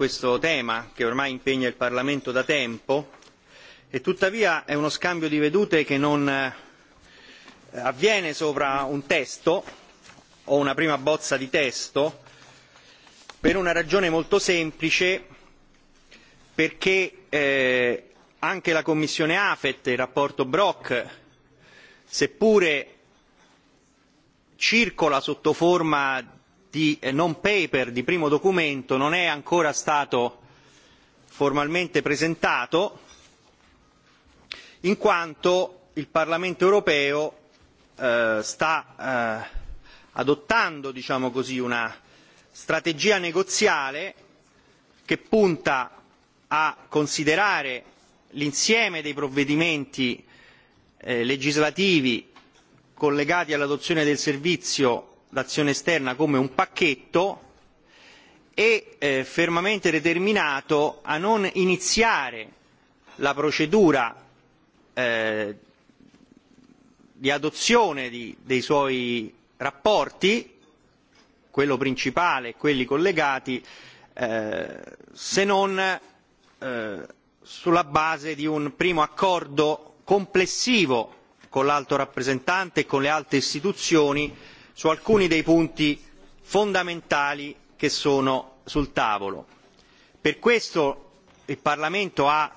questo tema che ormai impegna il Parlamento da tempo e tuttavia è uno scambio di vedute che non avviene sopra un testo o una prima bozza di testo per una ragione molto semplice perché anche la Commissione AFET e il rapporto Brok seppure circola sotto forma di non paper di primo documento non è ancora stato formalmente presentato in quanto il Parlamento europeo sta adottando diciamo così una strategia negoziale che punta a considerare l'insieme dei provvedimenti legislativi collegati all'adozione del servizio l'azione esterna come un pacchetto e fermamente determinato a non iniziare la procedura di adozione dei suoi rapporti quello principale e quelli collegati se non sulla base di un primo accordo complessivo con l'alto rappresentante e con le altre istituzioni su alcuni dei punti fondamentali che sono sul tavolo. Per questo il Parlamento ha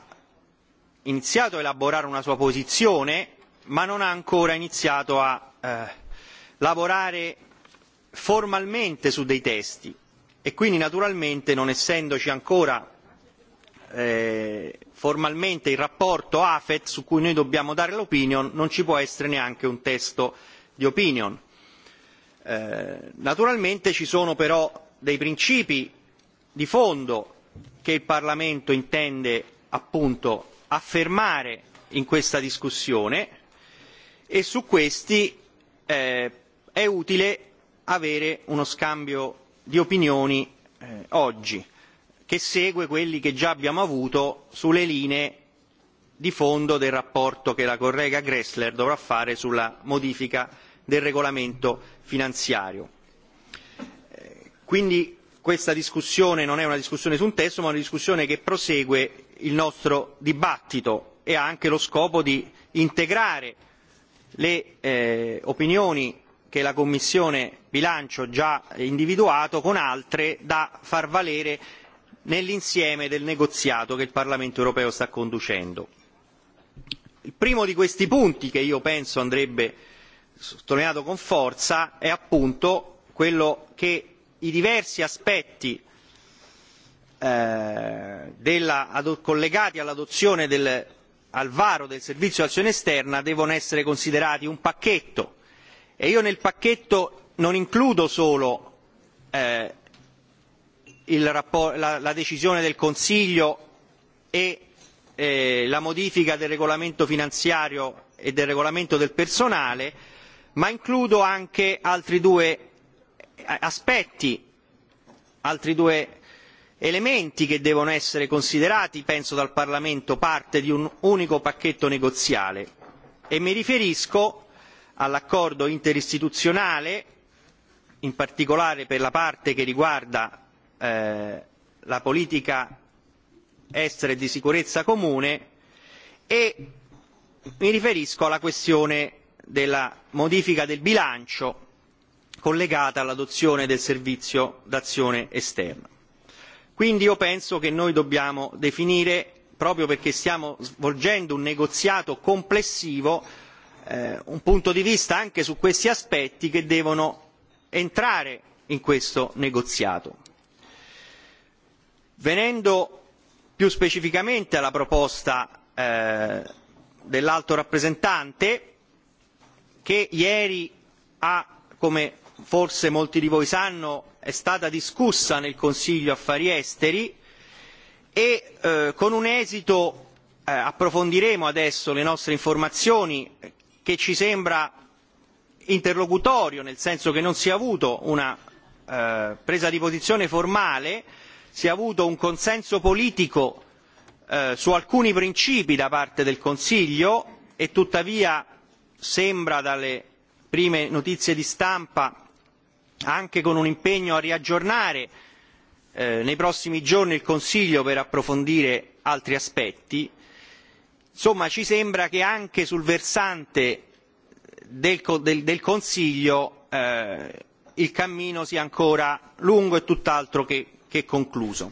iniziato a elaborare una sua posizione, ma non ha ancora iniziato a lavorare formalmente su dei testi e quindi naturalmente non essendoci ancora formalmente il rapporto AFET su cui noi dobbiamo dare l'opinion non ci può essere neanche un testo di opinion naturalmente ci sono però dei principi di fondo che il parlamento intende appunto affermare in questa discussione e su questi è utile avere uno scambio di opinioni oggi che segue quelli che già abbiamo avuto sulle linee di fondo del rapporto che la collega Gressler dovrà fare sulla modifica del regolamento finanziario. quindi questa discussione non è una discussione su un testo ma una discussione che prosegue il nostro dibattito e ha anche lo scopo di integrare le opinioni che la commissione bilancio ha già individuato con altre da far valere nell'insieme del negoziato che il parlamento europeo sta conducendo. il primo di questi punti che io penso andrebbe sottolineato con forza è appunto quello che i diversi aspetti collegati all'adozione al varo del servizio di azione esterna devono essere considerati un pacchetto e io nel pacchetto non includo solo la decisione del consiglio e la modifica del regolamento finanziario e del regolamento del personale ma includo anche altri due aspetti altri due elementi che devono essere considerati penso dal parlamento parte di un unico pacchetto negoziale e mi riferisco all'accordo interistituzionale in particolare per la parte che riguarda la politica estera e di sicurezza comune e mi riferisco alla questione della modifica del bilancio collegata all'adozione del servizio d'azione esterna. Quindi io penso che noi dobbiamo definire, proprio perché stiamo svolgendo un negoziato complessivo, un punto di vista anche su questi aspetti che devono entrare in questo negoziato. Venendo più specificamente alla proposta dell'alto rappresentante, che ieri ha come forse molti di voi sanno è stata discussa nel Consiglio affari esteri e con un esito approfondiremo adesso le nostre informazioni che ci sembra interlocutorio nel senso che non si è avuto una presa di posizione formale si è avuto un consenso politico su alcuni principi da parte del Consiglio e tuttavia sembra dalle prime notizie di stampa anche con un impegno a riaggiornare nei prossimi giorni il Consiglio per approfondire altri aspetti. Insomma, ci sembra che anche sul versante del Consiglio il cammino sia ancora lungo e tutt'altro che concluso.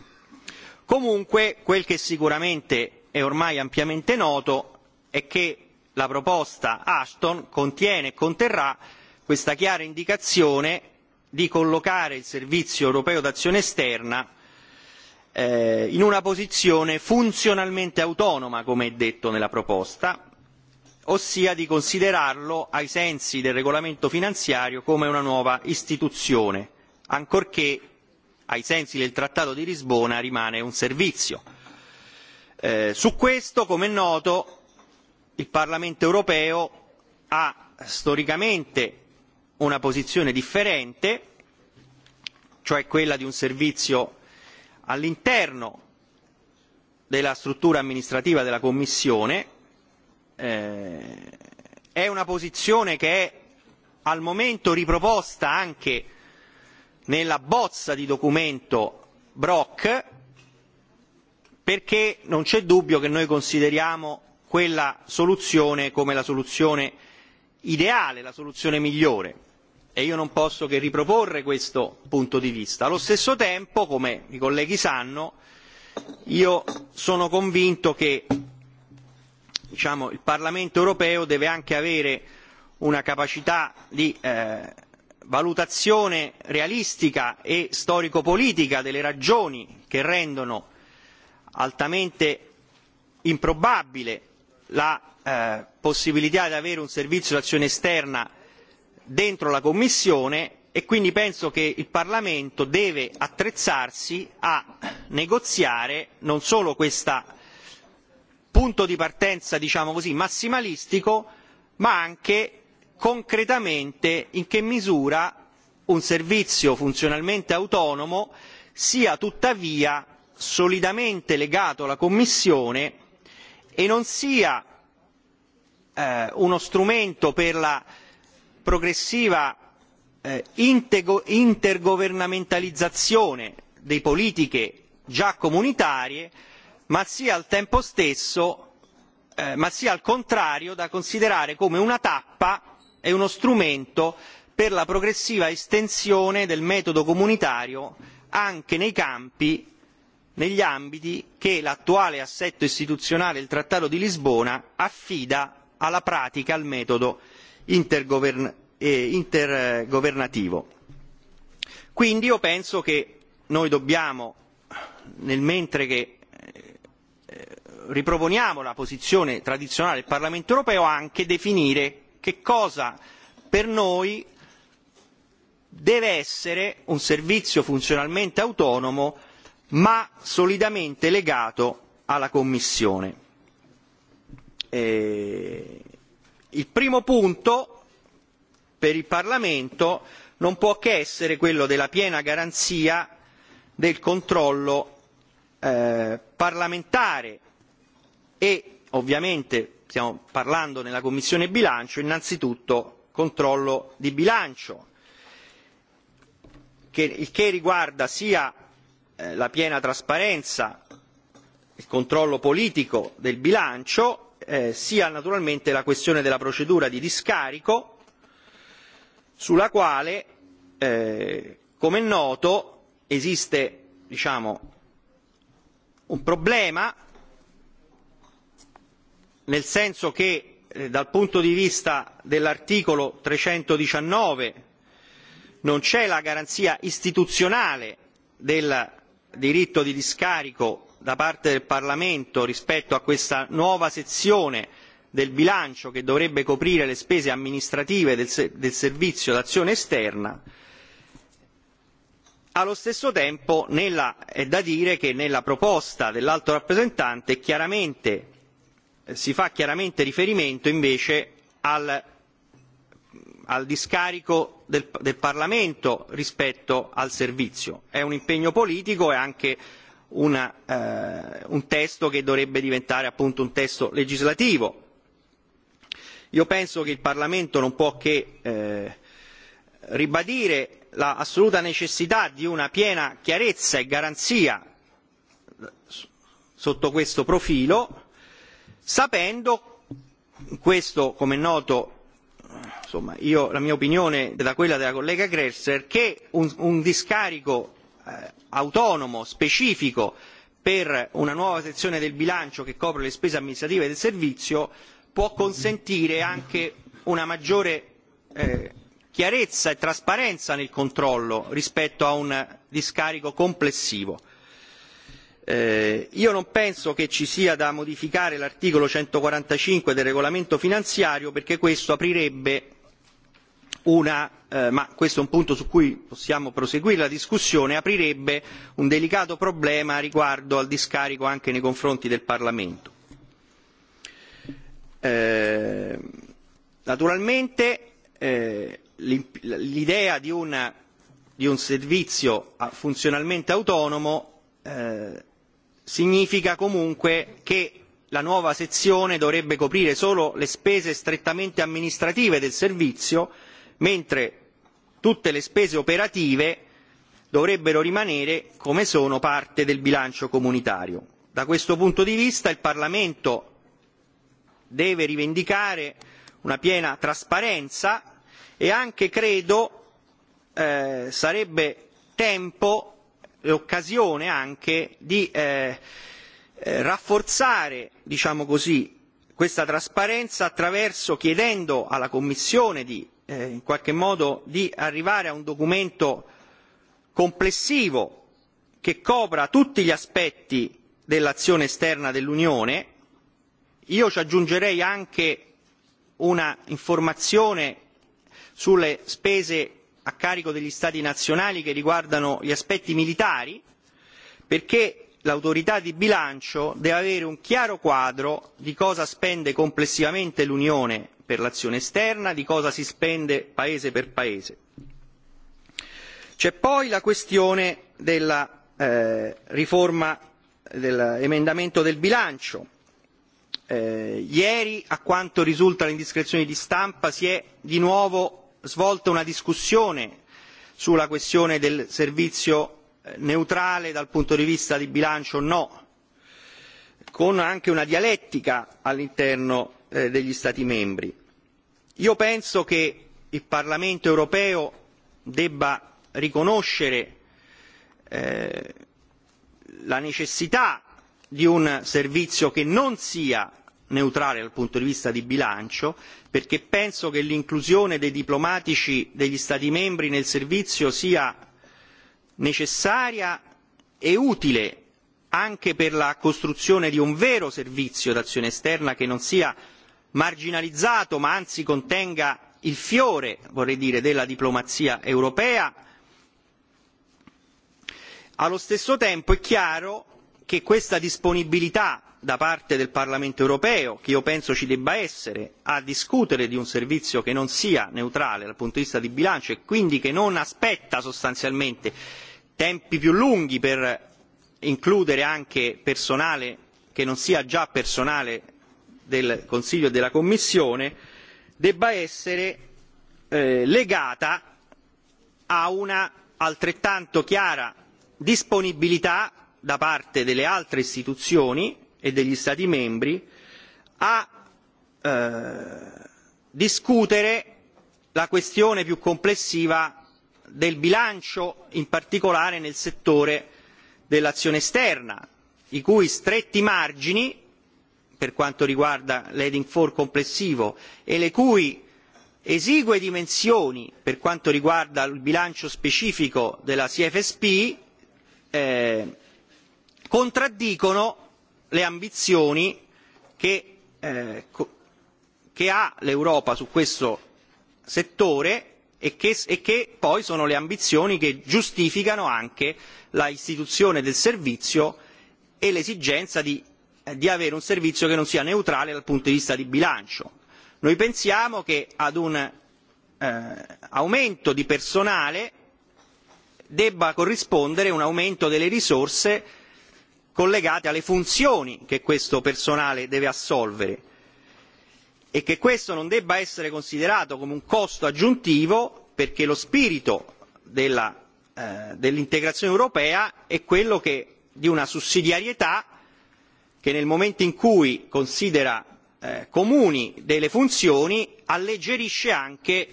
Comunque, quel che sicuramente è ormai ampiamente noto è che la proposta Ashton contiene e conterrà questa chiara indicazione di collocare il servizio europeo d'azione esterna in una posizione funzionalmente autonoma come è detto nella proposta ossia di considerarlo ai sensi del regolamento finanziario come una nuova istituzione ancorché ai sensi del trattato di lisbona rimane un servizio. su questo come noto il Parlamento europeo ha storicamente una posizione differente, cioè quella di un servizio all'interno della struttura amministrativa della Commissione, è una posizione che è al momento riproposta anche nella bozza di documento Brok, perché non c'è dubbio che noi consideriamo quella soluzione come la soluzione ideale la soluzione migliore e io non posso che riproporre questo punto di vista. allo stesso tempo come i colleghi sanno io sono convinto che il parlamento europeo deve anche avere una capacità di valutazione realistica e storico politica delle ragioni che rendono altamente improbabile la possibilità di avere un servizio di azione esterna dentro la commissione e quindi penso che il parlamento deve attrezzarsi a negoziare non solo questo punto di partenza diciamo così massimalistico ma anche concretamente in che misura un servizio funzionalmente autonomo sia tuttavia solidamente legato alla commissione e non sia uno strumento per la progressiva intergovernamentalizzazione delle politiche già comunitarie ma sia al tempo stesso ma sia al contrario da considerare come una tappa e uno strumento per la progressiva estensione del metodo comunitario anche nei campi negli ambiti che l'attuale assetto istituzionale del trattato di lisbona affida alla pratica al metodo intergovernativo. quindi io penso che noi dobbiamo nel mentre che riproponiamo la posizione tradizionale del parlamento europeo anche definire che cosa per noi deve essere un servizio funzionalmente autonomo ma solidamente legato alla Commissione. Il primo punto per il Parlamento non può che essere quello della piena garanzia del controllo parlamentare e ovviamente stiamo parlando nella Commissione bilancio innanzitutto controllo di bilancio, il che riguarda sia la piena trasparenza il controllo politico del bilancio sia naturalmente la questione della procedura di discarico sulla quale come è noto esiste diciamo un problema nel senso che dal punto di vista dell'articolo 319 non c'è la garanzia istituzionale della diritto di discarico da parte del Parlamento rispetto a questa nuova sezione del bilancio che dovrebbe coprire le spese amministrative del servizio d'azione esterna allo stesso tempo è da dire che nella proposta dell'alto rappresentante si fa chiaramente riferimento invece al al discarico del Parlamento rispetto al servizio. È un impegno politico e anche un testo che dovrebbe diventare appunto un testo legislativo. Io penso che il Parlamento non può che ribadire l'assoluta necessità di una piena chiarezza e garanzia sotto questo profilo, sapendo questo, come noto insomma io la mia opinione da quella della collega Gresser che un discarico autonomo specifico per una nuova sezione del bilancio che copre le spese amministrative del servizio può consentire anche una maggiore chiarezza e trasparenza nel controllo rispetto a un discarico complessivo. Io non penso che ci sia da modificare l'articolo centoquarantacinque del regolamento finanziario perché questo aprirebbe una ma questo è un punto su cui possiamo proseguire la discussione aprirebbe un delicato problema riguardo al discarico anche nei confronti del Parlamento. Naturalmente l'idea di un servizio funzionalmente autonomo significa comunque che la nuova sezione dovrebbe coprire solo le spese strettamente amministrative del servizio mentre tutte le spese operative dovrebbero rimanere come sono parte del bilancio comunitario. da questo punto di vista il parlamento deve rivendicare una piena trasparenza e anche credo sarebbe tempo e occasione anche di rafforzare diciamo così questa trasparenza attraverso, chiedendo alla commissione di in qualche modo di arrivare a un documento complessivo che copra tutti gli aspetti dell'azione esterna dell'Unione. Io ci aggiungerei anche una informazione sulle spese a carico degli Stati nazionali che riguardano gli aspetti militari, perché l'autorità di bilancio deve avere un chiaro quadro di cosa spende complessivamente l'Unione per l'azione esterna di cosa si spende paese per paese. c'è poi la questione della riforma dell'emendamento del bilancio. ieri a quanto risulta le indiscrezioni di stampa si è di nuovo svolta una discussione sulla questione del servizio neutrale dal punto di vista di bilancio o no con anche una dialettica all'interno degli stati membri io penso che il parlamento europeo debba riconoscere la necessità di un servizio che non sia neutrale dal punto di vista di bilancio perché penso che l'inclusione dei diplomatici degli stati membri nel servizio sia necessaria e utile anche per la costruzione di un vero servizio d'azione esterna che non sia marginalizzato ma anzi contenga il fiore vorrei dire della diplomazia europea allo stesso tempo è chiaro che questa disponibilità da parte del parlamento europeo che io penso ci debba essere a discutere di un servizio che non sia neutrale dal punto di vista di bilancio e quindi che non aspetta sostanzialmente tempi più lunghi per includere anche personale che non sia già personale del Consiglio e della Commissione debba essere legata a una altrettanto chiara disponibilità da parte delle altre istituzioni e degli Stati membri a discutere la questione più complessiva del bilancio, in particolare nel settore dell'azione esterna, i cui stretti margini per quanto riguarda l'heading for complessivo e le cui esigue dimensioni per quanto riguarda il bilancio specifico della cfsp contraddicono le ambizioni che ha l'europa su questo settore e che poi sono le ambizioni che giustificano anche l'istituzione del servizio e l'esigenza di di avere un servizio che non sia neutrale dal punto di vista di bilancio. Noi pensiamo che ad un aumento di personale debba corrispondere un aumento delle risorse collegate alle funzioni che questo personale deve assolvere e che questo non debba essere considerato come un costo aggiuntivo perché lo spirito dell'integrazione europea è quello che di una sussidiarietà che nel momento in cui considera comuni delle funzioni alleggerisce anche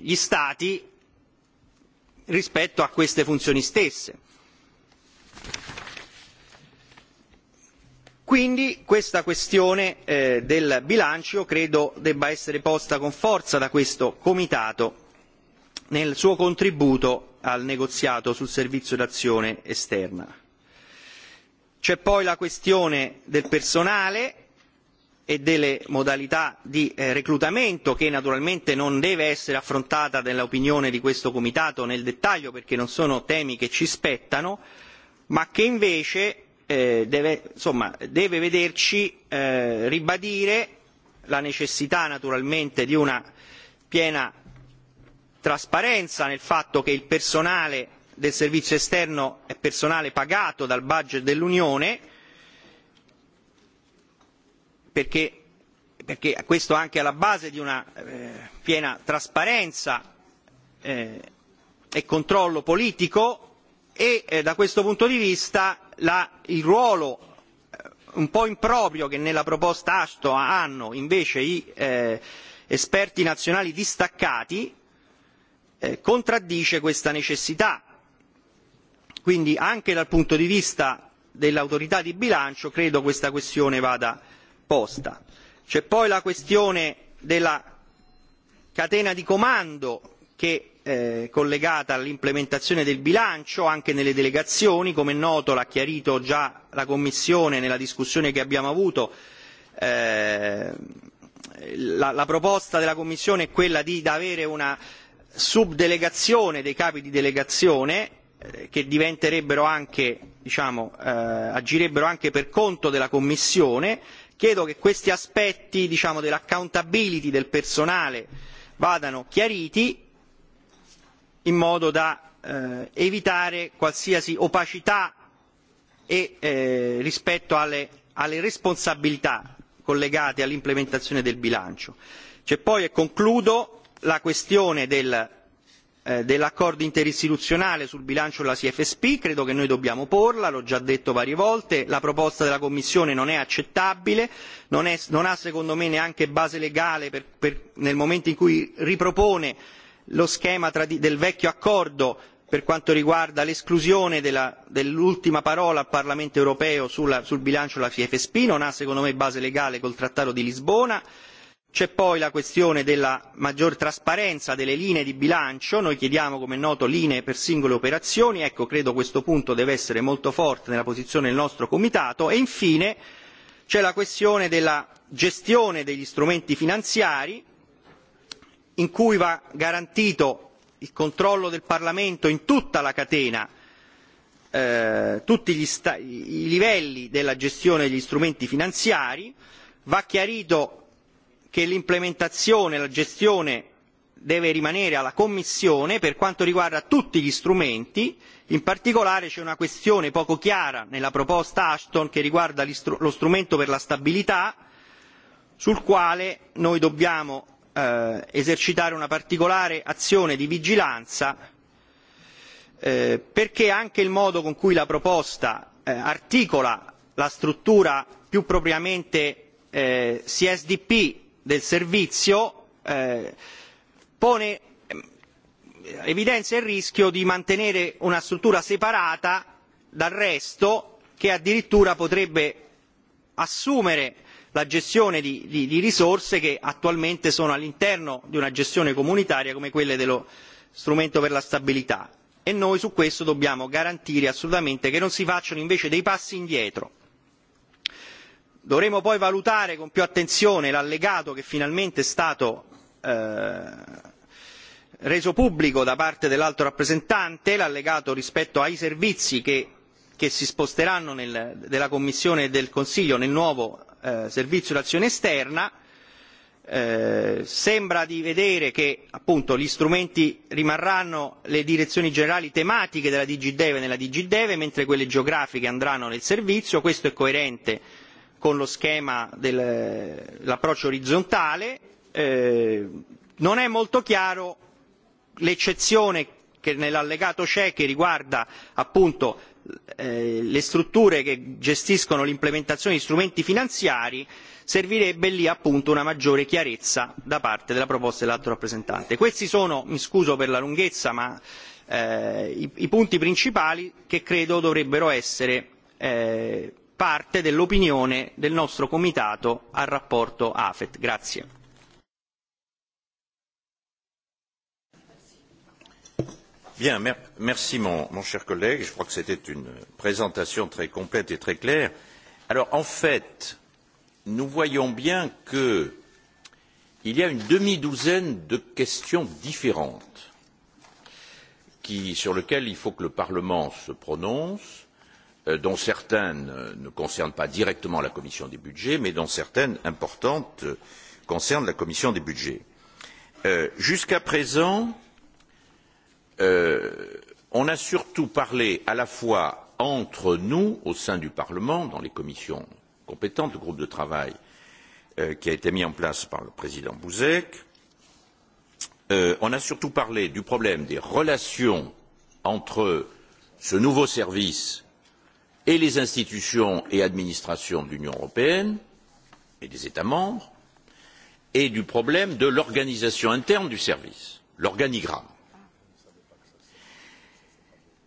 gli Stati rispetto a queste funzioni stesse. Quindi questa questione del bilancio credo debba essere posta con forza da questo Comitato nel suo contributo al negoziato sul servizio d'azione esterna. C'è poi la questione del personale e delle modalità di reclutamento che naturalmente non deve essere affrontata nell'opinione di questo Comitato nel dettaglio perché non sono temi che ci spettano, ma che invece deve vederci ribadire la necessità naturalmente di una piena trasparenza nel fatto che il personale del servizio esterno è personale pagato dal budget dell'Unione, perché questo anche alla base di una piena trasparenza e controllo politico e da questo punto di vista il ruolo un po' improprio che nella proposta ashton hanno invece gli esperti nazionali distaccati contraddice questa necessità quindi anche dal punto di vista dell'autorità di bilancio credo questa questione vada posta. c'è poi la questione della catena di comando che è collegata all'implementazione del bilancio anche nelle delegazioni come è noto l'ha chiarito già la commissione nella discussione che abbiamo avuto la proposta della commissione è quella di avere una subdelegazione dei capi di delegazione che diventerebbero anche diciamo agirebbero anche per conto della commissione chiedo che questi aspetti diciamo dell'accountability del personale vadano chiariti in modo da evitare qualsiasi opacità e rispetto alle responsabilità collegate all'implementazione del bilancio. c'è poi e concludo la questione del dell'accordo interistituzionale sul bilancio della cfsp credo che noi dobbiamo porla l'ho già detto varie volte la proposta della commissione non è accettabile non ha secondo me neanche base legale nel momento in cui ripropone lo schema del vecchio accordo per quanto riguarda l'esclusione dell'ultima parola al parlamento europeo sul bilancio della cfsp non ha secondo me base legale col trattato di lisbona C'è poi la questione della maggior trasparenza delle linee di bilancio, noi chiediamo come è noto linee per singole operazioni, ecco credo questo punto deve essere molto forte nella posizione del nostro Comitato e infine c'è la questione della gestione degli strumenti finanziari in cui va garantito il controllo del Parlamento in tutta la catena, tutti i livelli della gestione degli strumenti finanziari, va chiarito che l'implementazione e la gestione deve rimanere alla commissione per quanto riguarda tutti gli strumenti in particolare c'è una questione poco chiara nella proposta ashton che riguarda lo strumento per la stabilità sul quale noi dobbiamo esercitare una particolare azione di vigilanza perché anche il modo con cui la proposta articola la struttura più propriamente csdp del servizio pone evidenzia il rischio di mantenere una struttura separata dal resto che addirittura potrebbe assumere la gestione di risorse che attualmente sono all'interno di una gestione comunitaria come quelle dello strumento per la stabilità e noi su questo dobbiamo garantire assolutamente che non si facciano invece dei passi indietro dovremo poi valutare con più attenzione l'allegato che finalmente è stato reso pubblico da parte dell'alto rappresentante l'allegato rispetto ai servizi che si sposteranno della commissione e del consiglio nel nuovo servizio d'azione esterna sembra di vedere che appunto gli strumenti rimarranno le direzioni generali tematiche della dg deve nella dg deve mentre quelle geografiche andranno nel servizio questo è coerente con lo schema dell'approccio orizzontale non è molto chiaro l'eccezione che nell'allegato c'è che riguarda appunto le strutture che gestiscono l'implementazione di strumenti finanziari servirebbe lì appunto una maggiore chiarezza da parte della proposta dell'alto rappresentante. questi sono mi scuso per la lunghezza ma i punti principali che credo dovrebbero essere parte dell'opinione del nostro comitato al rapporto AFET. Grazie. Bien, merci mon cher collègue. Je crois que c'était une présentation très complète et très claire. Alors, en fait, nous voyons bien qu'il y a une demi-douzaine de questions différentes sur lesquelles il faut que le Parlement se prononce dont certaines ne concernent pas directement la commission des budgets, mais dont certaines importantes concernent la commission des budgets. Jusqu'à présent, on a surtout parlé à la fois entre nous, au sein du Parlement, dans les commissions compétentes, le groupe de travail qui a été mis en place par le président Buzek, on a surtout parlé du problème des relations entre ce nouveau service et les institutions et administrations de l'union européenne et des états membres et du problème de l'organisation interne du service l'organigramme.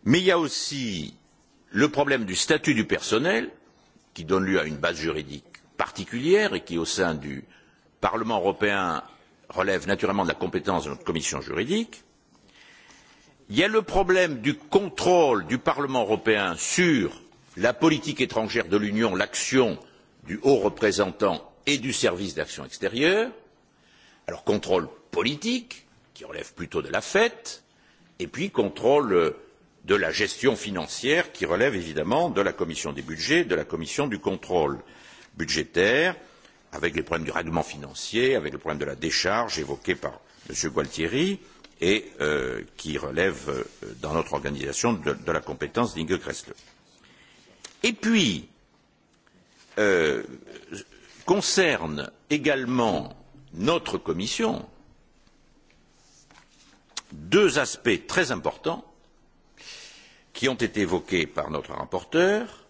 mais il y a aussi le problème du statut du personnel qui donne lieu à une base juridique particulière et qui au sein du parlement européen relève naturellement de la compétence de notre commission juridique. il y a le problème du contrôle du parlement européen sur la politique étrangère de l'union l'action du haut représentant et du service d'action extérieure alors contrôle politique qui relève plutôt de la fête et puis contrôle de la gestion financière qui relève évidemment de la commission des budgets de la commission du contrôle budgétaire avec les problèmes du règlement financier avec le problème de la décharge évoqué par m. gualtieri et qui relève dans notre organisation de la compétence d'inge Et puis, concerne également notre commission deux aspects très importants qui ont été évoqués par notre rapporteur.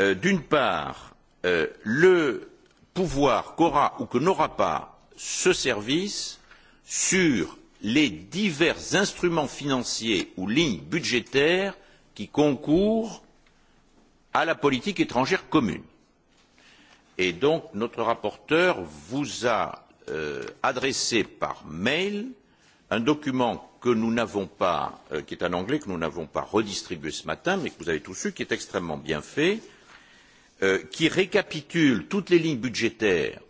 D'une part, le pouvoir qu'aura ou que n'aura pas ce service sur les divers instruments financiers ou lignes budgétaires qui concourent à la politique étrangère commune. Et donc, notre rapporteur vous a adressé par mail un document que nous n'avons pas, qui est en anglais, que nous n'avons pas redistribué ce matin, mais que vous avez tous su, qui est extrêmement bien fait, qui récapitule toutes les lignes budgétaires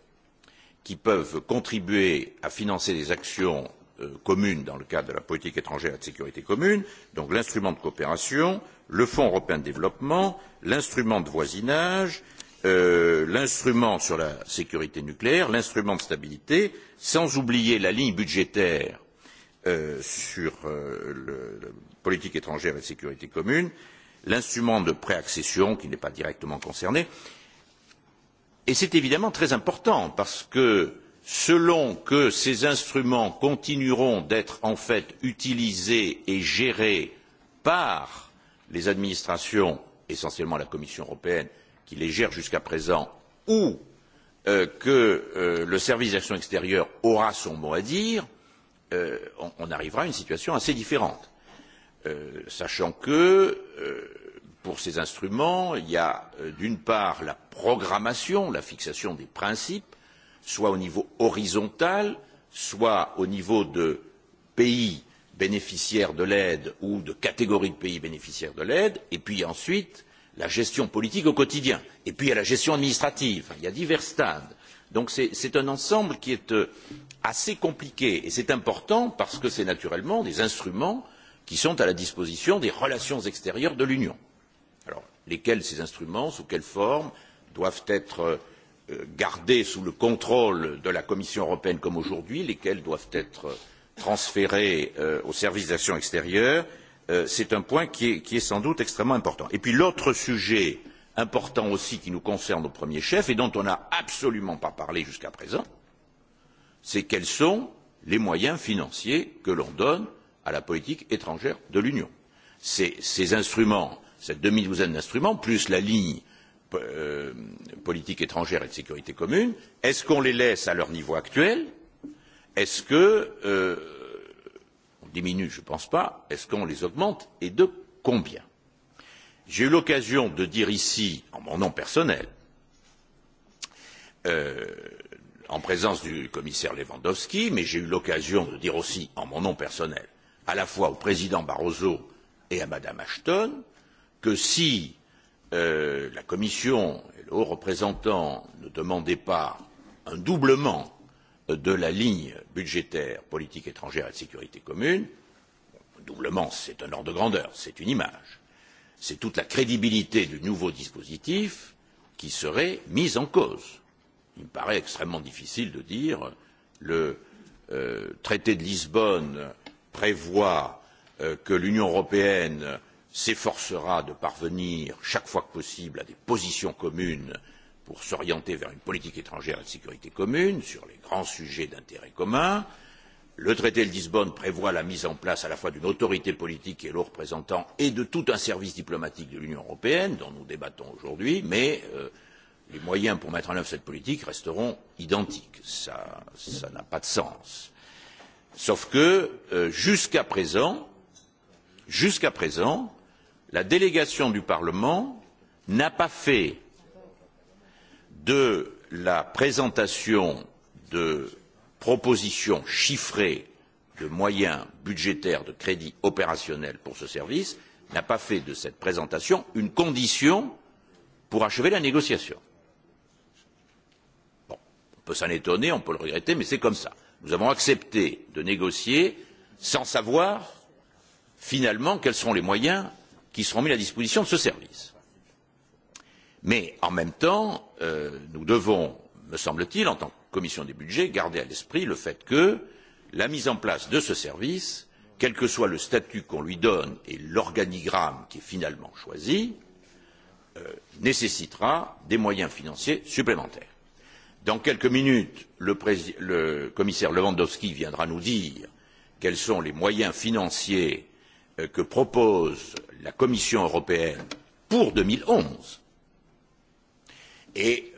qui peuvent contribuer à financer des actions communes dans le cadre de la politique étrangère et de sécurité commune, donc l'instrument de coopération, le fonds européen de développement l'instrument de voisinage l'instrument sur la sécurité nucléaire l'instrument de stabilité sans oublier la ligne budgétaire sur la politique étrangère et de sécurité commune l'instrument de préaccession qui n'est pas directement concerné et c'est évidemment très important parce que selon que ces instruments continueront d'être en fait utilisés et gérés par les administrations, essentiellement la Commission européenne, qui les gère jusqu'à présent, ou que le service d'action extérieure aura son mot à dire, on arrivera à une situation assez différente, sachant que, pour ces instruments, il y a, d'une part, la programmation, la fixation des principes, soit au niveau horizontal, soit au niveau de pays bénéficiaires de l'aide ou de catégories de pays bénéficiaires de l'aide, et puis ensuite la gestion politique au quotidien, et puis a la gestion administrative, il y a divers stades. Donc c'est un ensemble qui est assez compliqué, et c'est important parce que c'est naturellement des instruments qui sont à la disposition des relations extérieures de l'Union. Alors, lesquels ces instruments, sous quelle forme, doivent être gardés sous le contrôle de la Commission européenne comme aujourd'hui, lesquels doivent être transférés au service d'action extérieure, c'est un point qui est sans doute extrêmement important. Et puis l'autre sujet important aussi qui nous concerne au premier chef et dont on n'a absolument pas parlé jusqu'à présent, c'est quels sont les moyens financiers que l'on donne à la politique étrangère de l'Union. Ces instruments, cette demi-douzaine d'instruments, plus la ligne politique étrangère et de sécurité commune, est-ce qu'on les laisse à leur niveau actuel Est-ce que on diminue, je ne pense pas, est-ce qu'on les augmente et de combien J'ai eu l'occasion de dire ici, en mon nom personnel, en présence du commissaire Lewandowski, mais j'ai eu l'occasion de dire aussi, en mon nom personnel, à la fois au président Barroso et à Mme Ashton, que si la Commission et le haut représentant ne demandaient pas un doublement de la ligne budgétaire politique étrangère et de sécurité commune doublement c'est un ordre de grandeur c'est une image c'est toute la crédibilité du nouveau dispositif qui serait mise en cause. il me paraît extrêmement difficile de dire le traité de lisbonne prévoit que l'union européenne s'efforcera de parvenir chaque fois que possible à des positions communes pour s'orienter vers une politique étrangère et de sécurité commune sur les grands sujets d'intérêt commun. Le traité de Lisbonne prévoit la mise en place à la fois d'une autorité politique qui est le représentant et de tout un service diplomatique de l'Union européenne dont nous débattons aujourd'hui, mais les moyens pour mettre en œuvre cette politique resteront identiques. Ça n'a pas de sens. Sauf que, jusqu'à présent, jusqu'à présent, la délégation du Parlement n'a pas fait de la présentation de propositions chiffrées de moyens budgétaires de crédits opérationnels pour ce service n'a pas fait de cette présentation une condition pour achever la négociation. On peut s'en étonner, on peut le regretter, mais c'est comme ça. Nous avons accepté de négocier sans savoir finalement quels seront les moyens qui seront mis à disposition de ce service. Mais en même temps, nous devons, me semble-t-il, en tant que commission des budgets, garder à l'esprit le fait que la mise en place de ce service, quel que soit le statut qu'on lui donne et l'organigramme qui est finalement choisi, nécessitera des moyens financiers supplémentaires. Dans quelques minutes, le commissaire Lewandowski viendra nous dire quels sont les moyens financiers que propose la Commission européenne pour 2011 et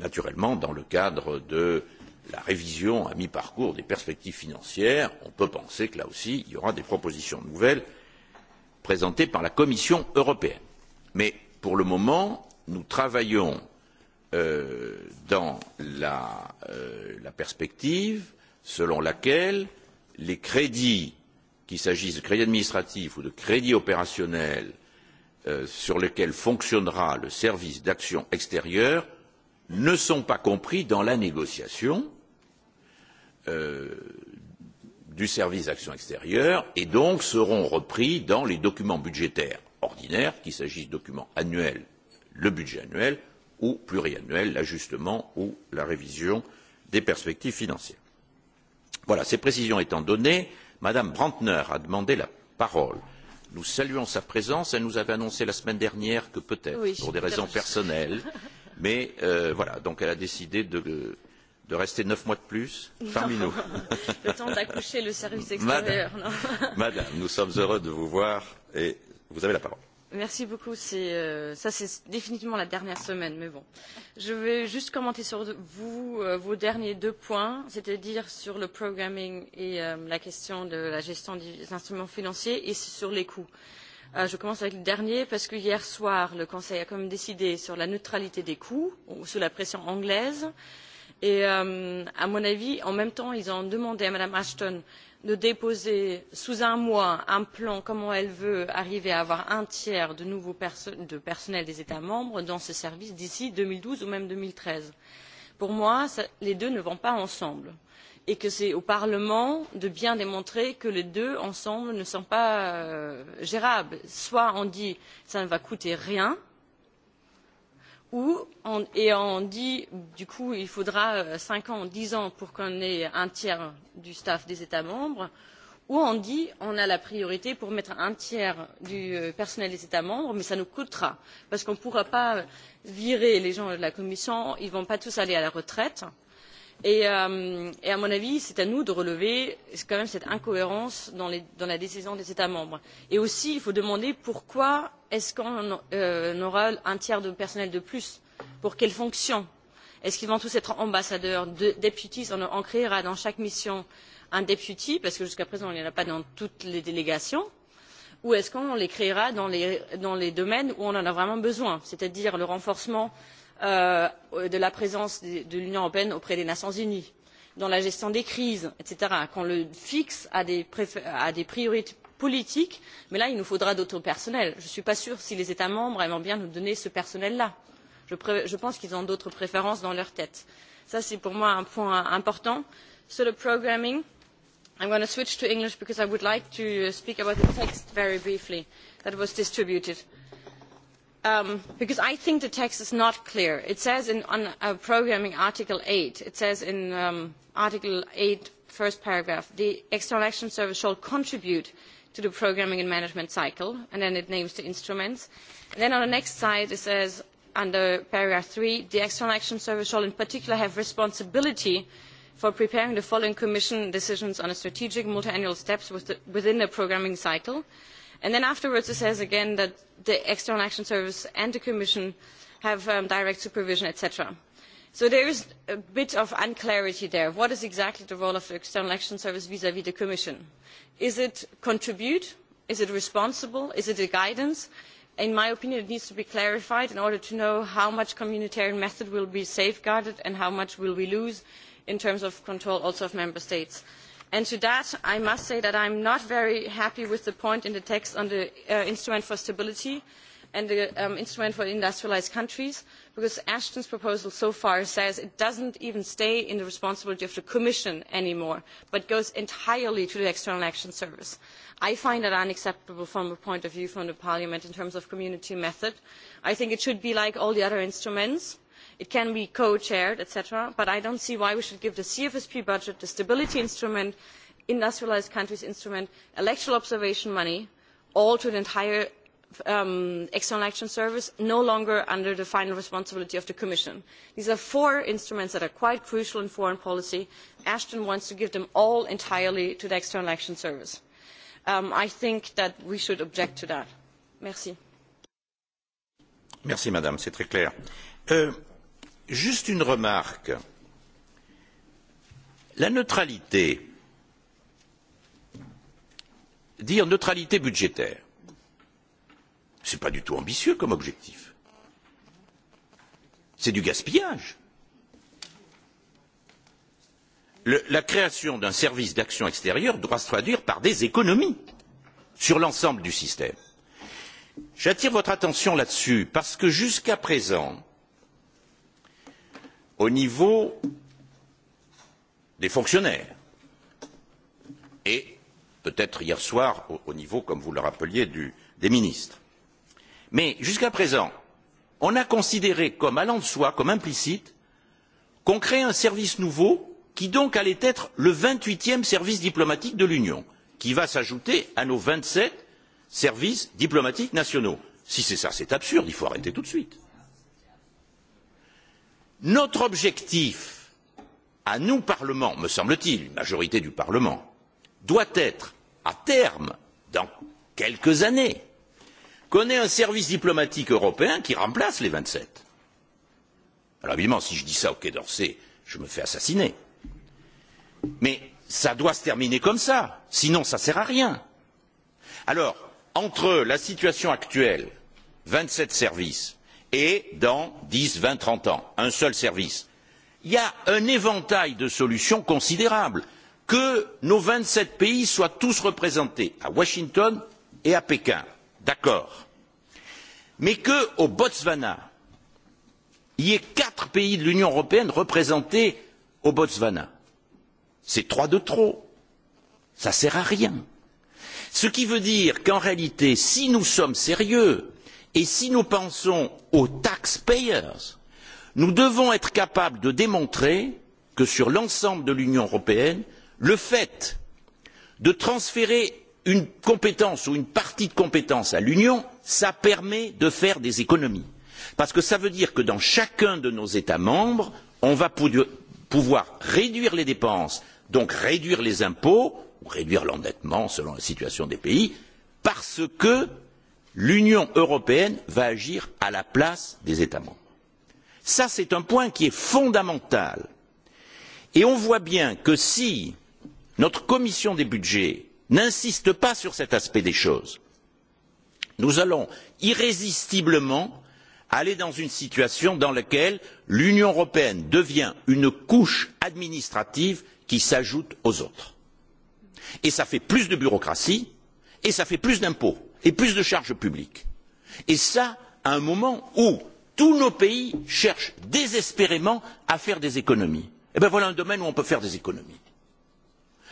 naturellement dans le cadre de la révision à mi parcours des perspectives financières on peut penser que là aussi il y aura des propositions nouvelles présentées par la commission européenne. mais pour le moment nous travaillons dans la perspective selon laquelle les crédits qu'il s'agisse de crédits administratifs ou de crédits opérationnels sur lesquels fonctionnera le service d'action extérieure ne sont pas compris dans la négociation du service d'action extérieure et donc seront repris dans les documents budgétaires ordinaires, qu'il s'agisse de documents annuels, le budget annuel, ou pluriannuel, l'ajustement ou la révision des perspectives financières. Voilà, ces précisions étant données, Madame Brantner a demandé la parole. Nous saluons sa présence. Elle nous avait annoncé la semaine dernière que peut-être, pour des raisons personnelles. Mais voilà, donc elle a décidé de rester neuf mois de plus parmi nous. Le temps d'accoucher le service extérieur. Madame, nous sommes heureux de vous voir et vous avez la parole. Merci beaucoup. Ça, c'est définitivement la dernière semaine, mais bon. Je vais juste commenter sur vous vos derniers deux points, c'est-à-dire sur le programming et la question de la gestion des instruments financiers et sur les coûts. Je commence avec le dernier parce que hier soir, le Conseil a quand même décidé sur la neutralité des coûts, sous la pression anglaise. Et à mon avis, en même temps, ils ont demandé à Mme Ashton de déposer sous un mois un plan comment elle veut arriver à avoir un tiers de nouveaux personnels des états membres dans ce service d'ici deux mille douze ou même. deux mille treize pour moi les deux ne vont pas ensemble et c'est au parlement de bien démontrer que les deux ensemble ne sont pas gérables soit on dit cela ne va coûter rien et on dit du coup il faudra cinq ans dix ans pour qu'on ait un tiers du staff des états membres ou on dit on a la priorité pour mettre un tiers du personnel des états membres mais ça nous coûtera parce qu'on ne pourra pas virer les gens de la commission ils ne vont pas tous aller à la retraite et à mon avis c'est à nous de relever quand même cette incohérence dans la décision des états membres et aussi il faut demander pourquoi est ce qu'on aura un tiers de personnel de plus pour quelles fonctions? est ce qu'ils vont tous être ambassadeurs deputies on créera dans chaque mission un deputy parce que jusqu'à présent il n'y en a pas dans toutes les délégations ou est ce qu'on les créera dans les domaines où on en a vraiment besoin c'est à dire le renforcement de la présence de l'union européenne auprès des nations unies dans la gestion des crises etc. qu'on le fixe à des priorités politiques mais là il nous faudra d'autres personnels. je ne suis pas sûre si les états membres aimeraient bien nous donner ce personnel là. je pense qu'ils ont d'autres préférences dans leur tête. ça c'est pour moi un point important. sur le programming i'm going to switch to english because i would like to speak about the text very briefly that was distributed because I think the text is not clear. It says in programming Article 8, it says in Article 8, first paragraph, the External Action Service shall contribute to the programming and management cycle, and then it names the instruments. Then on the next side it says under paragraph 3, the External Action Service shall in particular have responsibility for preparing the following Commission decisions on strategic multiannual steps within the programming cycle and then afterwards it says again that the external action service and the commission have direct supervision etc. so there is a bit of unclarity there. what is exactly the role of the external action service vis vis the commission? is it contribute? is it responsible? is it a guidance? in my opinion it needs to be clarified in order to know how much communitarian method will be safeguarded and how much will we lose in terms of control also of member states and to that i must say that i am not very happy with the point in the text on the instrument for stability and the instrument for industrialised countries because ashton's proposal so far says it does not even stay in the responsibility of the commission anymore, but goes entirely to the external action service. i find that unacceptable from the point of view of parliament in terms of community method. i think it should be like all the other instruments it can be co chaired etc but i do see why we should give the cfsp budget the stability instrument the industrialised countries instrument electoral observation money all to the entire external action service no longer under the final responsibility of the commission. these are four instruments that are quite crucial in foreign policy. ashton wants to give them all entirely to the external action service. i think that we should object to that juste une remarque la neutralité dire neutralité budgétaire ce n'est pas du tout ambitieux comme objectif c'est du gaspillage. la création d'un service d'action extérieure doit se traduire par des économies sur l'ensemble du système. j'attire votre attention là dessus parce que jusqu'à présent au niveau des fonctionnaires et peut être hier soir au niveau, comme vous le rappeliez, des ministres. Mais jusqu'à présent, on a considéré comme allant de soi, comme implicite, qu'on crée un service nouveau qui donc allait être le vingt huitième service diplomatique de l'union qui va s'ajouter à nos vingt sept services diplomatiques nationaux. si c'est ça c'est absurde il faut arrêter tout de suite. Notre objectif, à nous, Parlement, me semble-t-il, majorité du Parlement, doit être, à terme, dans quelques années, qu'on ait un service diplomatique européen qui remplace les vingt sept? Alors évidemment, si je dis ça au Quai d'Orsay, je me fais assassiner. Mais ça doit se terminer comme ça, sinon ça ne sert à rien. Alors, entre la situation actuelle, vingt sept services, et dans dix, vingt, trente ans, un seul service. Il y a un éventail de solutions considérables que nos vingt sept pays soient tous représentés à Washington et à Pékin, d'accord, mais qu'au Botswana, il y ait quatre pays de l'Union européenne représentés au Botswana, c'est trois de trop, ça ne sert à rien. Ce qui veut dire qu'en réalité, si nous sommes sérieux, et si nous pensons aux taxpayers nous devons être capables de démontrer que sur l'ensemble de l'union européenne le fait de transférer une compétence ou une partie de compétence à l'union ça permet de faire des économies parce que cela veut dire que dans chacun de nos états membres on va pouvoir réduire les dépenses donc réduire les impôts ou réduire l'endettement selon la situation des pays parce que l'union européenne va agir à la place des états membres. c'est un point qui est fondamental et on voit bien que si notre commission des budgets n'insiste pas sur cet aspect des choses nous allons irrésistiblement aller dans une situation dans laquelle l'union européenne devient une couche administrative qui s'ajoute aux autres et ça fait plus de bureaucratie et cela fait plus d'impôts et plus de charges publiques. Et ça, à un moment où tous nos pays cherchent désespérément à faire des économies. Eh bien voilà un domaine où on peut faire des économies.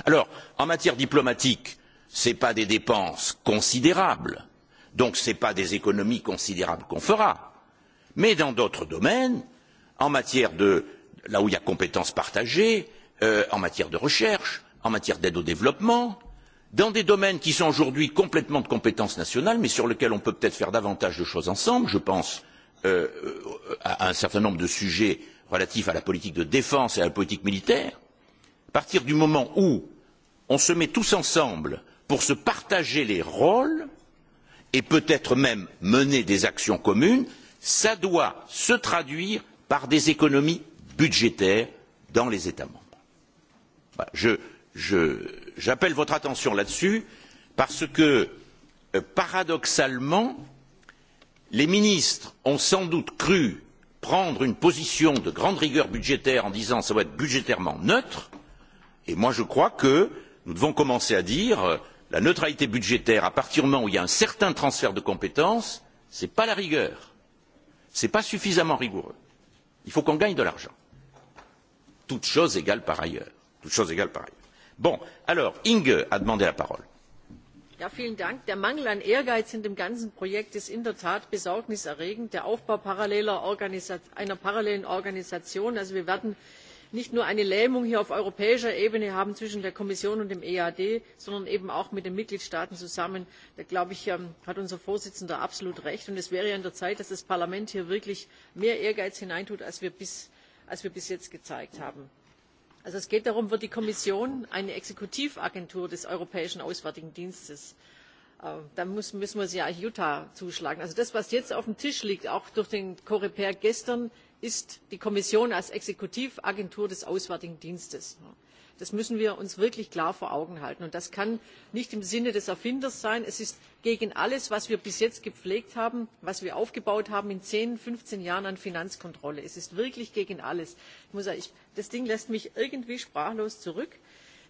Alors, en matière diplomatique, ce ne sont pas des dépenses considérables, donc ce ne sont pas des économies considérables qu'on fera. Mais dans d'autres domaines, en matière de là où il y a compétences partagées, en matière de recherche, en matière d'aide au développement, dans des domaines qui sont aujourd'hui complètement de compétence nationale, mais sur lesquels on peut peut-être faire davantage de choses ensemble. Je pense à un certain nombre de sujets relatifs à la politique de défense et à la politique militaire. À partir du moment où on se met tous ensemble pour se partager les rôles et peut-être même mener des actions communes, cela doit se traduire par des économies budgétaires dans les États membres j'appelle votre attention là dessus parce que paradoxalement les ministres ont sans doute cru prendre une position de grande rigueur budgétaire en disant ça doit être budgétairement neutre et moi je crois que nous devons commencer à dire la neutralité budgétaire à partir du moment où il y a un certain transfert de compétences ce n'est pas la rigueur ce n'est pas suffisamment rigoureux il faut qu'on gagne de l'argent Toute chose égale par ailleurs. Der Mangel an Ehrgeiz in dem ganzen Projekt ist in der Tat besorgniserregend. Der Aufbau einer parallelen Organisation. Also wir werden nicht nur eine Lähmung hier auf europäischer Ebene haben zwischen der Kommission und dem EAD, sondern eben auch mit den Mitgliedstaaten zusammen. Da glaube ich, hat unser Vorsitzender absolut recht. Und es wäre an der Zeit, dass das Parlament hier wirklich mehr Ehrgeiz hineintut, als wir bis jetzt gezeigt haben. Also es geht darum, wird die Kommission eine Exekutivagentur des Europäischen Auswärtigen Dienstes? Da müssen wir sie ja Utah zuschlagen. Also das, was jetzt auf dem Tisch liegt, auch durch den Coreper gestern, ist die Kommission als Exekutivagentur des Auswärtigen Dienstes. Das müssen wir uns wirklich klar vor Augen halten. das kann nicht im Sinne des Erfinders sein. Es ist gegen alles, was wir bis jetzt gepflegt haben, was wir aufgebaut haben in zehn, fünfzehn Jahren an Finanzkontrolle. Es ist wirklich gegen alles. Das Ding lässt mich irgendwie sprachlos zurück.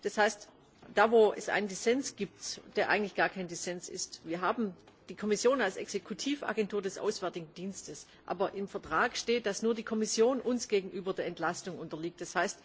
Das heißt, da wo es einen Dissens gibt, der eigentlich gar kein Dissens ist, wir haben die kommission als exekutivagentur des auswärtigen dienstes aber im vertrag steht dass nur die kommission uns gegenüber der entlastung unterliegt. das heißt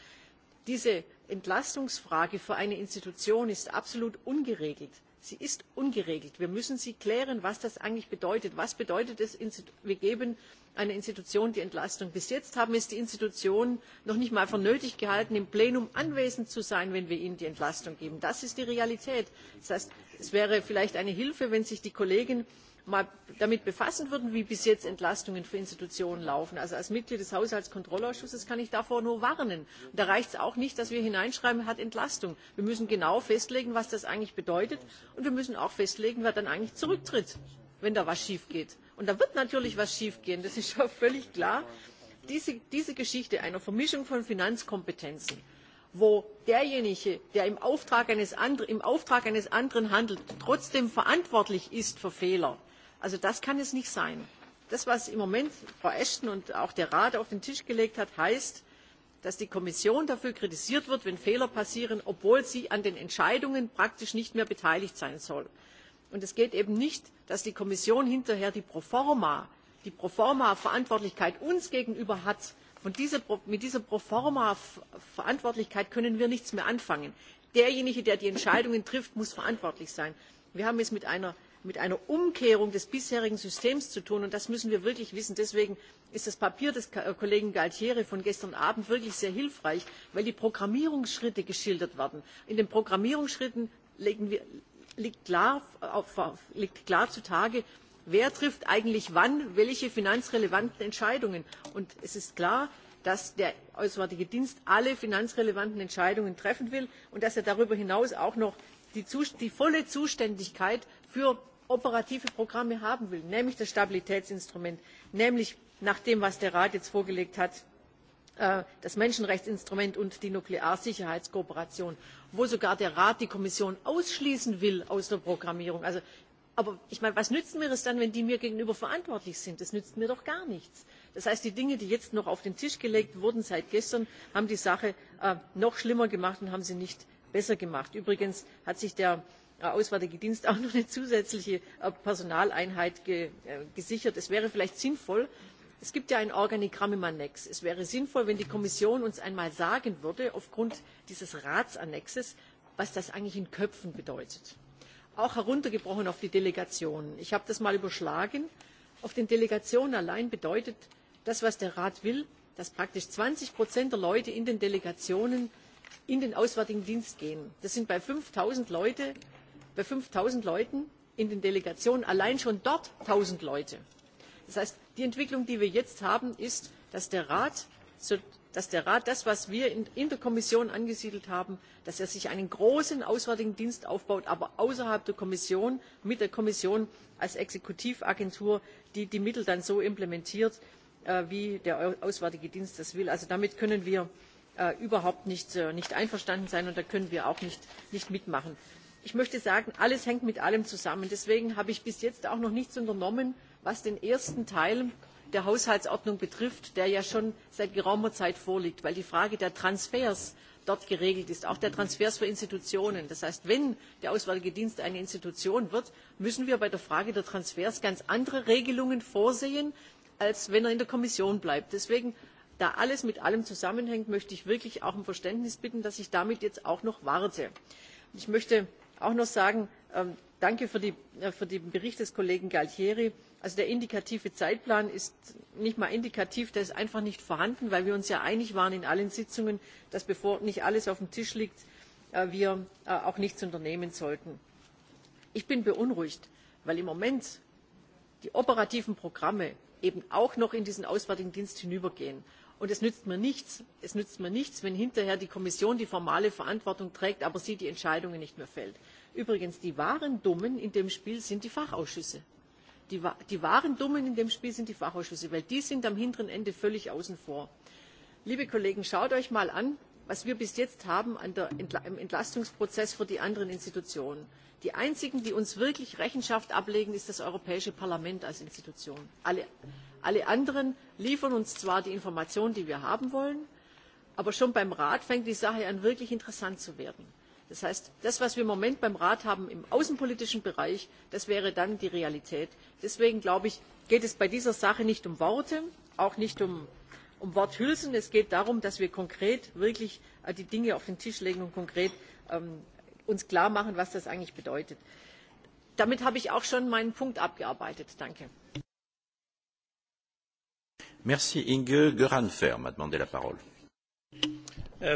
diese entlastungsfrage für eine institution ist absolut ungeregelt. sie ist ungeregelt. wir müssen sie klären was das eigentlich bedeutet. was bedeutet es wir geben einer institution die entlastung? bis jetzt haben es die institutionen noch nicht einmal für nötig gehalten im plenum anwesend zu sein wenn wir ihnen die entlastung geben. das ist die realität. das heißt es wäre vielleicht eine hilfe wenn sich die kollegen mal damit befassen würden, wie bis jetzt Entlastungen für Institutionen laufen. Also als Mitglied des Haushaltskontrollausschusses kann ich davor nur warnen. Da reicht es auch nicht, dass wir hineinschreiben, hat Entlastung. Wir müssen genau festlegen, was das eigentlich bedeutet. Und wir müssen auch festlegen, wer dann eigentlich zurücktritt, wenn da etwas schief geht. Und da wird natürlich etwas schief gehen, das ist schon völlig klar. Diese Geschichte einer Vermischung von Finanzkompetenzen wo derjenige, der im Auftrag eines anderen handelt, trotzdem verantwortlich ist für Fehler, also das kann es nicht sein. das was im moment frau ashton und auch der rat auf den tisch gelegt hat heißt dass die kommission dafür kritisiert wird wenn fehler passieren obwohl sie an den entscheidungen praktisch nicht mehr beteiligt sein soll. und es geht eben nicht dass die kommission hinterher die pro forma verantwortlichkeit uns gegenüber hat. mit dieser Proforma forma verantwortlichkeit können wir nichts mehr anfangen. derjenige der die entscheidungen trifft muss verantwortlich sein. wir haben es mit einer mit einer Umkehrung des bisherigen Systems zu tun. Und das müssen wir wirklich wissen. Deswegen ist das Papier des Kollegen Galtieri von gestern Abend wirklich sehr hilfreich, weil die Programmierungsschritte geschildert werden. In den Programmierungsschritten liegt klar zutage, wer trifft eigentlich wann welche finanzrelevanten Entscheidungen. Und es ist klar, dass der Auswärtige Dienst alle finanzrelevanten Entscheidungen treffen will und dass er darüber hinaus auch noch die volle Zuständigkeit für operative Programme haben will, nämlich das Stabilitätsinstrument, nämlich nach dem, was der Rat jetzt vorgelegt hat, das Menschenrechtsinstrument und die Nuklearsicherheitskooperation, wo sogar der Rat die Kommission ausschließen will aus der Programmierung. Aber ich was nützt mir das dann, wenn die mir gegenüber verantwortlich sind? Das nützt mir doch gar nichts. Das heißt, die Dinge, die jetzt noch auf den Tisch gelegt wurden seit gestern, haben die Sache noch schlimmer gemacht und haben sie nicht besser gemacht. Übrigens hat sich der Auswärtige Dienst auch noch eine zusätzliche Personaleinheit gesichert. Es wäre vielleicht sinnvoll, es gibt ja ein Organigramm im Annex, es wäre sinnvoll, wenn die Kommission uns einmal sagen würde, aufgrund dieses Ratsannexes, was das eigentlich in Köpfen bedeutet. Auch heruntergebrochen auf die Delegationen. Ich habe das mal überschlagen. Auf den Delegationen allein bedeutet das, was der Rat will, dass praktisch 20 der Leute in den Delegationen in den Auswärtigen Dienst gehen. Das sind bei 5000 Leute bei 5.000 Leuten in den Delegationen allein schon dort 1.000 Leute. Das heißt, die Entwicklung, die wir jetzt haben, ist, dass der Rat das, was wir in der Kommission angesiedelt haben, dass er sich einen großen Auswärtigen Dienst aufbaut, aber außerhalb der Kommission, mit der Kommission als Exekutivagentur, die die Mittel dann so implementiert, wie der Auswärtige Dienst das will. Also damit können wir überhaupt nicht einverstanden sein und da können wir auch nicht mitmachen ich möchte sagen alles hängt mit allem zusammen. deswegen habe ich bis jetzt auch noch nichts unternommen was den ersten teil der haushaltsordnung betrifft der ja schon seit geraumer zeit vorliegt weil die frage der transfers dort geregelt ist auch der transfers für institutionen. das heißt wenn der auswärtige dienst eine institution wird müssen wir bei der frage der transfers ganz andere regelungen vorsehen als wenn er in der kommission bleibt. deswegen da alles mit allem zusammenhängt möchte ich wirklich auch um verständnis bitten dass ich damit jetzt auch noch warte. ich möchte auch noch sagen danke für den bericht des kollegen gualtieri. der indikative zeitplan ist nicht einmal indikativ der ist einfach nicht vorhanden weil wir uns ja einig waren in allen sitzungen dass bevor nicht alles auf dem tisch liegt wir auch nichts unternehmen sollten. ich bin beunruhigt weil im moment die operativen programme eben auch noch in diesen auswärtigen dienst hinübergehen und es nützt mir nichts es nützt mir nichts wenn hinterher die kommission die formale verantwortung trägt aber sie die entscheidungen nicht mehr fällt. übrigens die wahren dummen in dem spiel sind die fachausschüsse. die wahren dummen in dem spiel sind die fachausschüsse weil die sind am hinteren ende völlig außen vor. liebe kollegen schaut euch mal an was wir bis jetzt haben im entlastungsprozess für die anderen institutionen. die einzigen die uns wirklich rechenschaft ablegen sind das europäische parlament als institution. Alle anderen liefern uns zwar die Informationen, die wir haben wollen, aber schon beim Rat fängt die Sache an, wirklich interessant zu werden. Das heißt, das, was wir im Moment beim Rat haben im außenpolitischen Bereich, das wäre dann die Realität. Deswegen, glaube ich, geht es bei dieser Sache nicht um Worte, auch nicht um Worthülsen. Es geht darum, dass wir konkret wirklich die Dinge auf den Tisch legen und konkret uns klar machen, was das eigentlich bedeutet. Damit habe ich auch schon meinen Punkt abgearbeitet. Danke. Merci Inge Göranfer m'a demandé la parole.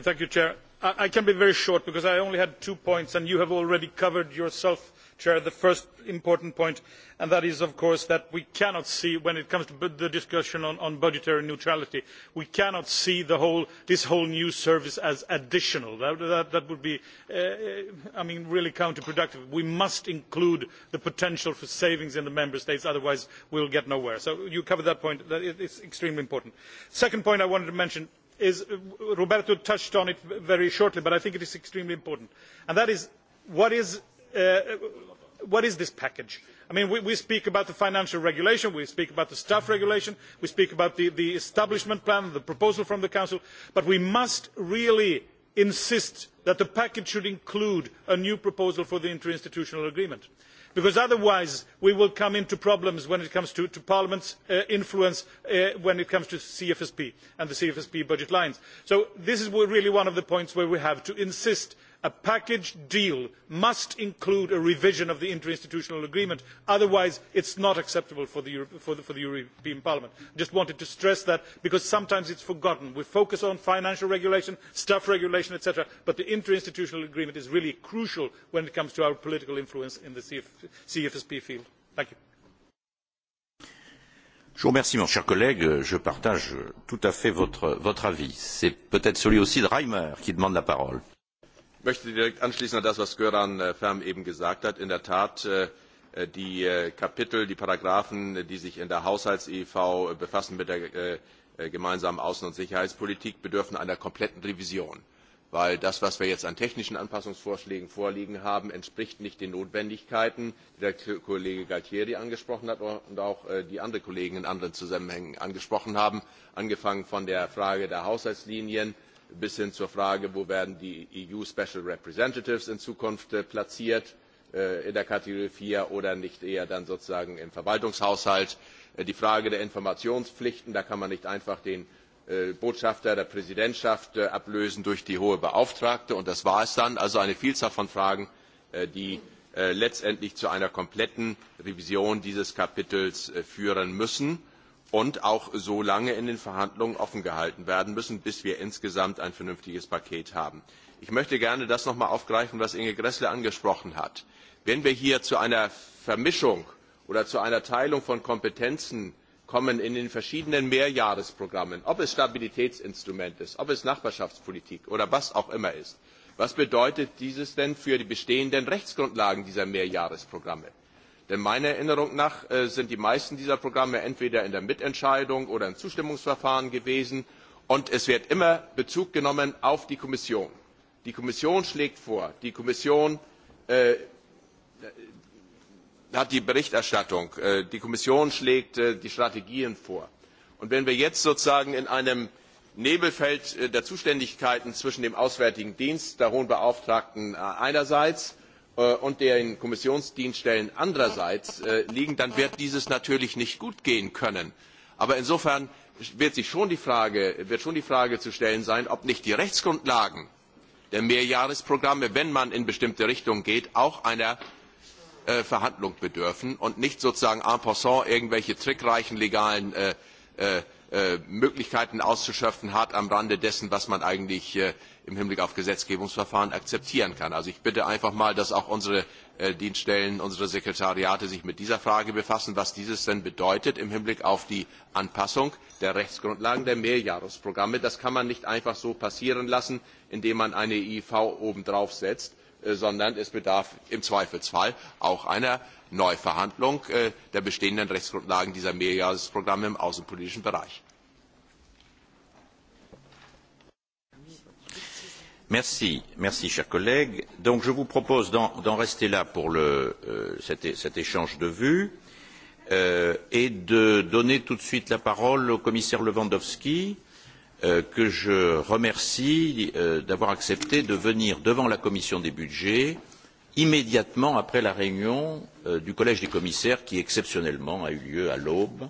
Thank you, Chair. I can be very short because I only had two points and you have already covered yourself the first important point and that is of course that we cannot see when it comes to the discussion on budgetary neutrality we cannot see this whole new service as additional. that would be really counterproductive. we must include the potential for savings in the member states otherwise we will get nowhere. so you covered that point it is extremely important. the second point i wanted to mention is roberto touched on it very shortly but i think it is extremely important and that is what is what is this package? I mean, we speak about the financial regulation, we speak about the staff regulation, we speak about the establishment plan, the proposal from the Council, but we must really insist that the package should include a new proposal for the interinstitutional agreement, because otherwise we will come into problems when it comes to Parliament's influence when it comes to CFSP and the CFSP budget lines. So this is really one of the points where we have to insist a package deal must include a revision of the interinstitutional agreement otherwise it is not acceptable for the european parliament. i just wanted to stress that because sometimes it is forgotten. we focus on financial regulation staff regulation etc. but the interinstitutional agreement is really crucial when it comes to our political influence in the cfsp field. thank you. Je vous remercie, mon cher collègue. Je partage tout à fait votre avis. C'est peut-être celui aussi de Reimer qui demande la parole. Ich möchte direkt anschließen an das, was Göran Färm eben gesagt hat. In der Tat, die Kapitel, die Paragraphen, die sich in der Haushalts-EV befassen mit der gemeinsamen Außen- und Sicherheitspolitik, bedürfen einer kompletten Revision. Weil das, was wir jetzt an technischen Anpassungsvorschlägen vorliegen haben, entspricht nicht den Notwendigkeiten, die der Kollege Galtieri angesprochen hat und auch die andere Kollegen in anderen Zusammenhängen angesprochen haben, angefangen von der Frage der Haushaltslinien bis hin zur Frage, wo werden die EU Special Representatives in Zukunft platziert, in der Kategorie 4 oder nicht eher dann sozusagen im Verwaltungshaushalt. Die Frage der Informationspflichten, da kann man nicht einfach den Botschafter der Präsidentschaft ablösen durch die hohe Beauftragte und das war es dann. Also eine Vielzahl von Fragen, die letztendlich zu einer kompletten Revision dieses Kapitels führen müssen und auch so lange in den Verhandlungen offen gehalten werden müssen, bis wir insgesamt ein vernünftiges Paket haben. Ich möchte gerne das noch einmal aufgreifen, was Inge Gressle angesprochen hat. Wenn wir hier zu einer Vermischung oder zu einer Teilung von Kompetenzen kommen in den verschiedenen Mehrjahresprogrammen, ob es Stabilitätsinstrument ist, ob es Nachbarschaftspolitik oder was auch immer ist, was bedeutet dies denn für die bestehenden Rechtsgrundlagen dieser Mehrjahresprogramme? Denn meiner Erinnerung nach sind die meisten dieser Programme entweder in der Mitentscheidung oder im Zustimmungsverfahren gewesen, und es wird immer Bezug genommen auf die Kommission. Die Kommission schlägt vor, die Kommission hat die Berichterstattung, die Kommission schlägt die Strategien vor. Und wenn wir jetzt sozusagen in einem Nebelfeld der Zuständigkeiten zwischen dem Auswärtigen Dienst, der Hohen Beauftragten einerseits und den Kommissionsdienststellen andererseits liegen, dann wird dieses natürlich nicht gut gehen können. Aber insofern wird schon die Frage zu stellen sein, ob nicht die Rechtsgrundlagen der Mehrjahresprogramme, wenn man in bestimmte Richtungen geht, auch einer Verhandlung bedürfen und nicht sozusagen en passant irgendwelche trickreichen legalen Möglichkeiten auszuschöpfen hat am Rande dessen, was man eigentlich im Hinblick auf Gesetzgebungsverfahren akzeptieren kann. Also ich bitte einfach mal, dass auch unsere Dienststellen, unsere Sekretariate sich mit dieser Frage befassen, was dieses denn bedeutet im Hinblick auf die Anpassung der Rechtsgrundlagen der Mehrjahresprogramme. Das kann man nicht einfach so passieren lassen, indem man eine IV obendrauf setzt, sondern es bedarf im Zweifelsfall auch einer Neuverhandlung der bestehenden Rechtsgrundlagen dieser Mehrjahresprogramme im außenpolitischen Bereich. Merci, chers collègues. Donc, je vous propose d'en rester là pour cet échange de vues et de donner tout de suite la parole au commissaire Lewandowski, que je remercie d'avoir accepté de venir devant la Commission des budgets immédiatement après la réunion du collège des commissaires qui exceptionnellement a eu lieu à l'aube